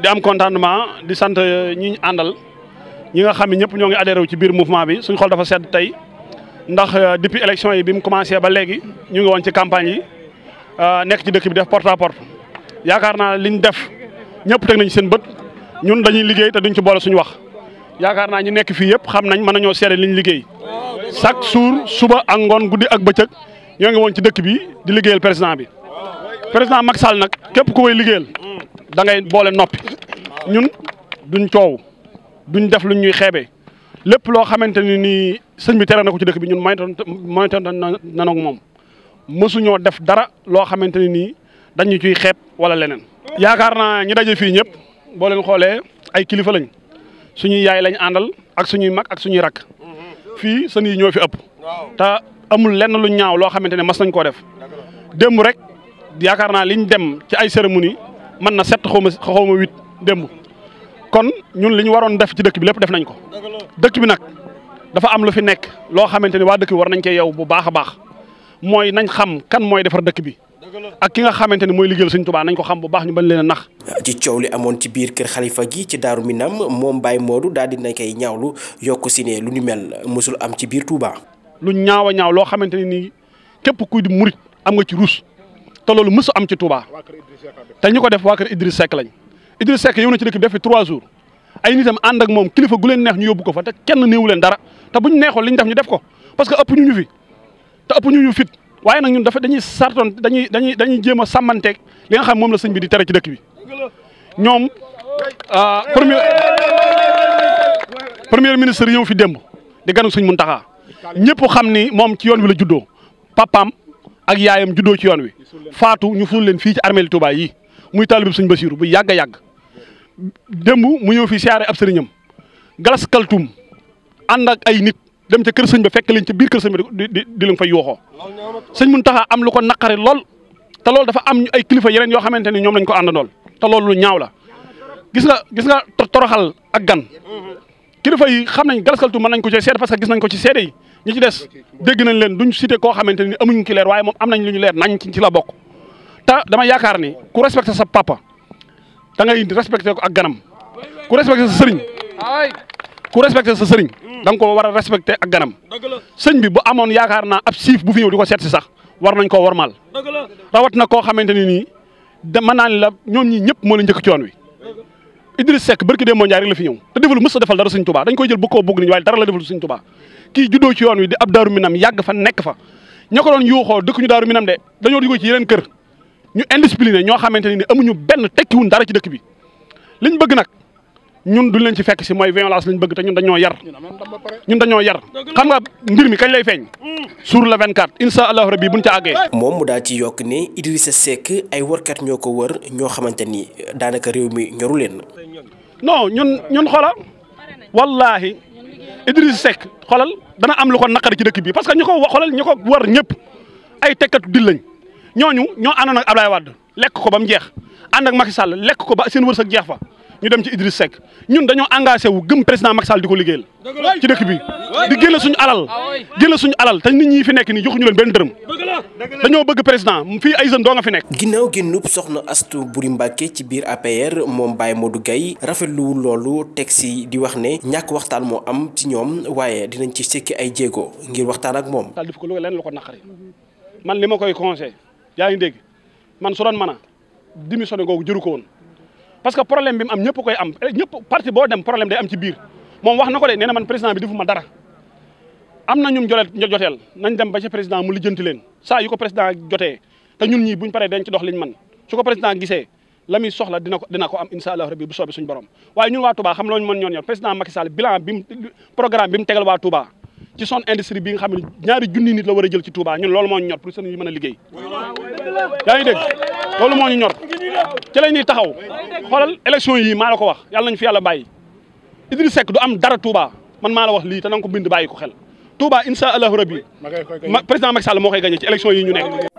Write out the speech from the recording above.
di am contentement di sant ñi àndal ñi nga xam ne ñëpp ñoo ngi adhéré wu ci biir mouvement bi suñ xol dafa sedd tey ndax euh, dépuis élection yi bi mu commencé ba léegi ñu ngi woon ci campagne yi euh, nekk ci dëkk bi def porte à porte yakaar naa liñ def ñëpp teg nañ seen bët ñun dañuy liggéey te duñ ci boole suñu wax yakaar naa ñu nekk fii yëpp xam nañ mën nañoo seere liñ liggéey chaque jour suba a ngoon guddi ak bëccëg ñoo ngi woon ci dëkk bi di liggéeyal président bi président Macky Sall képp ku koy da ngay boole noppi ñun duñ coow duñ def luñ ñuy xeebe lépp loo xamante ni nii sëñ bi tere na ko ci dëkk bi ñun moytandiku moytandiku na ak moom mësuñoo def dara loo xamante ni nii dañu ciy xeeb wala leneen. yaakaar naa ñi daje fii ñëpp boo leen xoolee ay kilifa lañ suñuy yaay lañ àndal ak suñuy mag ak suñuy rakk fii sën yi ñoo fi ëpp te amul lenn luñ ñaaw loo xamante ne mas nañ koo def démb rek yaakaar naa liñ dem ci ay cérémonie mën na sept xaw ma xaw ma huit démb kon ñun li ñu waroon def ci dëkk bi lépp def nañ ko dëkk bi nag dafa am lu fi nekk loo xamante ni waa dëkk bi war nañ cee yow bu baax a baax mooy nañ xam kan mooy defar dëkk bi ak ki nga xamante ni mooy liggéeyal Sëñ Tuubaa nañ ko xam bu baax ñu bañ leen a nax. ci coow li amoon ci biir kër xalifa gi ci Daaru Minam moom Baye Modou daal di na koy lu yokk si ne lu ni mel mosul am ci biir Touba. lu ñaaw a ñaaw loo xamante ni képp kuy di murit am nga ci ruus. te loolu mësu am ci Touba te ñu ko def waa kër Idriss Seck lañ Idriss Seck yow na ci dëkk bi def fi trois jours ay nitam ànd ak moom kilifa gu leen neex ñu yóbbu ko fa te kenn néewu leen dara te buñ neexoon ñu def ñu def ko parce que ëpp ñu ñu fi te ëpp ñu ñu fit waaye nag ñun dafa dañuy sartoon dañuy dañuy dañuy jéem a sàmmanteeg li nga xam moom la sëñ bi di tere ci dëkk bi ñoom euh, premier premier ministre ñëw fi démb di ganu sëñ Muntaxa ñëpp xam ni moom ci yoon wi la juddoo papaam ak yaayam juddoo ci yoon wi faatu ñu ful leen fii ci armeeli Touba yi muy taalib ba Basiiru bu yàgg yàgg démb mu ñëw fi siyaare ab sëriñam Galas Kaltum ànd ak ay nit dem ca kër sëñ ba fekk leen ca biir kër sëñ ba di di di leen fa yooxoo sëñ Muntaxa am lu ko naqari lool te loolu dafa am ay kilifa yeneen yoo xamante ni ñoom lañ ko àndandool te loolu lu ñaaw la gis nga gis nga toroxal ak gan kilifa yi xam nañ Gallas Kaltoum nañ ko ci seede parce que gis nañ ko ci seede yi ñi ci des dégg nañ leen duñ cité koo xamante ni amuñ ci leer waaye moom am nañ lu ñu leer nañ ci ci la bokk te dama yaakaar ni ku respecté sa papa da ngay respecté ko ak ganam ku respecté sa sëriñ ku respecté sa sëriñ da nga ko war a respecté ak ganam sëñ bi bu amoon yaakaar naa ab siif bu fi ñëw di ko seet si sax war nañ koo warmal rawat na koo xamante ni nii mën naa ni la ñoom ñi ñëpp moo la njëkk coon wi Idriss Seck barki dee moo ñaar rek la fi ñëw te deful mës a defal dara Sëñ Tuubaa dañ koy jël bu koo bëgg waaye dara la deful Sëñ Tuubaa kii juddoo ci yoon wi di ab daaru minam yàgg fa nekk fa ña ko doon yuuxoo dëkk ñu daaru minam de dañoo dugg ci yeneen kër ñu indiscipliné ñoo xamante ne ni amuñu benn tekkiwun dara ci dëkk bi liñ bëgg nag ñun duñ leen ci fekk si mooy violence lañ bëgg te ñun dañoo yar ñun dañoo yar xam nga mbir mi kañ lay feeñ hmm. sur le 24 incha allahu rabi buñ ca àggee. moom mu daal ci yokk ne Idrissa Seck ay warkat ñoo ko wër ñoo xamante ni daanaka réew mi ñoru leen. non ñun ñun xoolal wallaahi Idrissa Seck xoolal dana am lu ko naqari ci dëkk bi parce que ñu ko xoolal ñu ko war ñëpp ay tekkatu dil lañ ñooñu ñoo àndoon ak Ablaye Wade lekk ko ba mu jeex ànd ak Macky Sall lekk ko ba seen wërsëg jeex fa. ñu dem ci Idriss Seck ñun dañoo engagé wu gëm président Macky Sall di ko liggéeyal ci dëkk bi di génne suñu alal génne suñu alal te nit ñi fi nekk nii joxuñu leen benn dërëm dañoo bëgg président fii ay jeunes doo nga fi nekk. ginnaaw génnub soxna Astou Boury Mbacké ci biir APR moom baay moo Modou Gueye rafetluwul loolu teg si di wax ne ñàkk waxtaan moo am ci ñoom waaye dinañ ci sekki ay jéego ngir waxtaan ak moom. daal def ko lu leen lu ko naqari man li ma koy conseillé yaa ngi dégg man su doon mën a démissionné googu jëru ko woon parce que problème bi mu am ñëpp koy am ñëpp parti boo dem problème day am ci biir moom wax na ko de nee man président bi defuma dara am na ñum joteel nañ dem ba ci président mu lijjanti leen saa yu ko président jotee te ñun ñii buñ paree dañ ci dox liñ man su ko la muy soxla dina ko am insha allah rabbi bu soobee suñu borom waaye ñun waa Touba xam looñu mën ñoon ñor président Macky Sall bilan bi programme bi mu tegal waa Touba ci son industrie xam ne ñaari junni nit la war a jël ci Touba ñun loolu moo moo ñu ci la ñuy taxaw xoolal élection yi maa la ko wax yàlla nañ fi yàlla bàyyi Idriss Seck am dara Touba man maa la wax lii te na ko bind bàyyi ko xel Touba incha allahu rabi président Macky Sall moo koy gagné ci élection yi ñu nekk.